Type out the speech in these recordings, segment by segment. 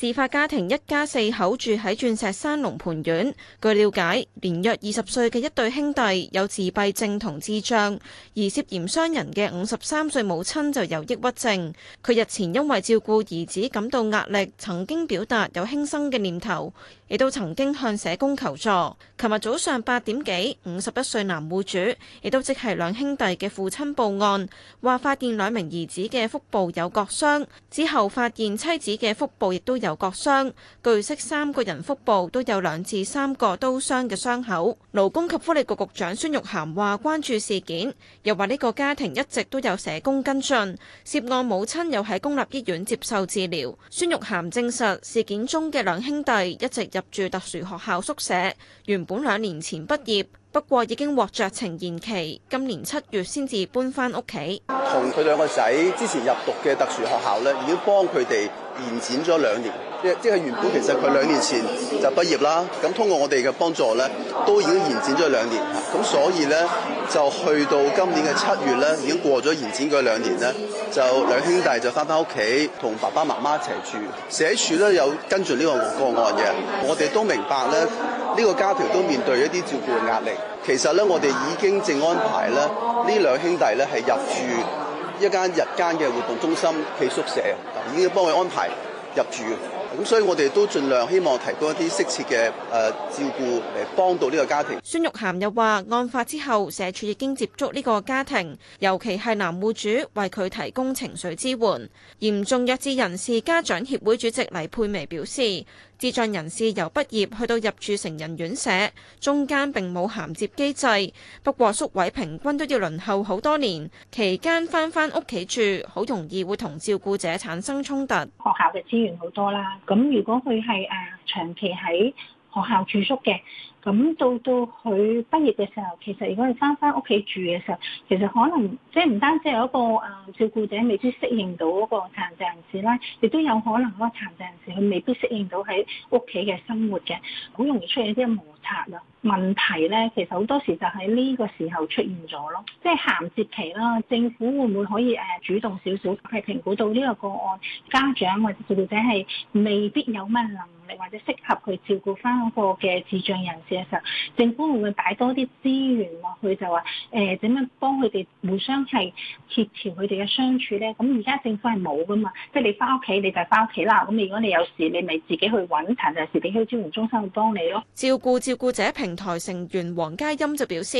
事發家庭一家四口住喺鑽石山龍蟠苑。據了解，年約二十歲嘅一對兄弟有自閉症同智障，而涉嫌傷人嘅五十三歲母親就有抑鬱症。佢日前因為照顧兒子感到壓力，曾經表達有輕生嘅念頭，亦都曾經向社工求助。琴日早上八點幾，五十一歲男戶主亦都即係兩兄弟嘅父親報案，話發現兩名兒子嘅腹部有割傷，之後發現妻子嘅腹部亦都有。受割傷，據悉三個人腹部都有兩至三個刀傷嘅傷口。勞工及福利局局長孫玉菡話關注事件，又話呢個家庭一直都有社工跟進，涉案母親又喺公立醫院接受治療。孫玉菡證實事件中嘅兩兄弟一直入住特殊學校宿舍，原本兩年前畢業，不過已經獲酌情延期，今年七月先至搬返屋企。同佢兩個仔之前入讀嘅特殊學校呢，已經幫佢哋延展咗兩年，即即係原本其實佢兩年前就畢業啦。咁通過我哋嘅幫助咧，都已經延展咗兩年。咁所以咧，就去到今年嘅七月咧，已經過咗延展嗰兩年咧，就兩兄弟就返返屋企同爸爸媽媽一齊住。社署咧有跟進呢個個案嘅，我哋都明白咧，呢、這個家庭都面對一啲照顧嘅壓力。其實咧，我哋已經正安排咧，呢兩兄弟咧係入住。一間日間嘅活動中心暨宿舍，已經幫佢安排入住。咁所以我哋都盡量希望提供一啲適切嘅誒照顧，嚟幫到呢個家庭。孫玉菡又話：案發之後，社署已經接觸呢個家庭，尤其係男戶主為佢提供情緒支援。嚴重弱智人士家長協會主席黎佩薇表示。智障人士由畢業去到入住成人院舍，中間並冇銜接機制。不過宿位平均都要輪候好多年，期間翻返屋企住，好容易會同照顧者產生衝突。學校嘅資源好多啦，咁如果佢係誒長期喺學校住宿嘅，咁到到佢畢業嘅時候，其實如果你翻返屋企住嘅時候，其實可能即係唔單止有一個誒、呃、照顧者未知適應到嗰個殘疾人士啦，亦都有可能個殘疾人士佢未必適應到喺屋企嘅生活嘅，好容易出現一啲摩擦啊，問題咧。其實好多時就喺呢個時候出現咗咯，即係銜接期啦。政府會唔會可以誒、呃、主動少少去評估到呢個個案家長或者照顧者係未必有乜能力？或者適合佢照顧翻個個嘅智障人士嘅時候，政府會唔會擺多啲資源落去，他就話誒點樣幫佢哋互相係協調佢哋嘅相處咧？咁而家政府係冇噶嘛，即係你翻屋企你就係翻屋企啦。咁如果你有事，你咪自己去搵殘疾人士地區去支援中心去幫你咯。照顧照顧者平台成員黃嘉欣就表示，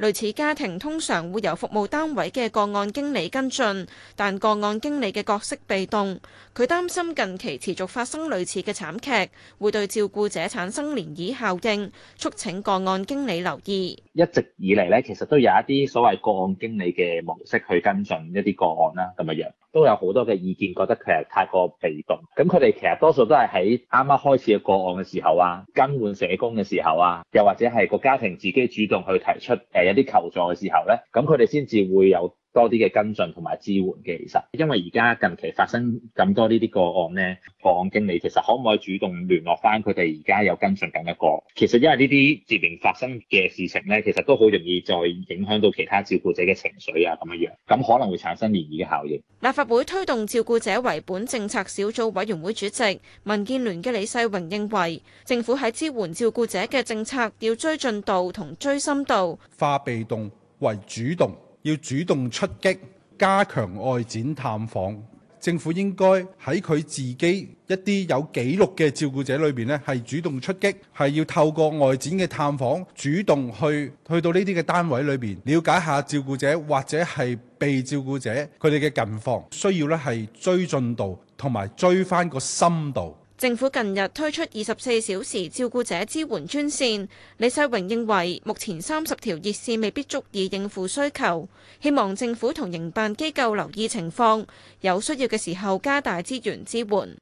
類似家庭通常會由服務單位嘅個案經理跟進，但個案經理嘅角色被動，佢擔心近期持續發生類似嘅慘劇。會對照顧者產生漣漪效應，促請個案經理留意。一直以嚟咧，其實都有一啲所謂個案經理嘅模式去跟進一啲個案啦、啊，咁嘅樣都有好多嘅意見，覺得佢係太過被動。咁佢哋其實多數都係喺啱啱開始嘅個案嘅時候啊，更換社工嘅時候啊，又或者係個家庭自己主動去提出誒、呃、有啲求助嘅時候咧，咁佢哋先至會有。多啲嘅跟進同埋支援嘅，其實因為而家近期發生咁多呢啲個案呢，個案經理其實可唔可以主動聯絡翻佢哋？而家有跟進緊一個，其實因為呢啲接連發生嘅事情咧，其實都好容易再影響到其他照顧者嘅情緒啊，咁樣樣，咁可能會產生漣漪嘅效應。立法會推動照顧者為本政策小組委員會主席民建聯嘅李世榮認為政府喺支援照顧者嘅政策要追進度同追深度，化被動為主動。要主動出擊，加強外展探訪。政府應該喺佢自己一啲有記錄嘅照顧者裏面，呢，係主動出擊，係要透過外展嘅探訪，主動去去到呢啲嘅單位裏面，了解一下照顧者或者係被照顧者佢哋嘅近況，需要呢係追進度同埋追翻個深度。政府近日推出二十四小時照顧者支援專線，李世榮認為目前三十條熱線未必足以應付需求，希望政府同營辦機構留意情況，有需要嘅時候加大資源支援。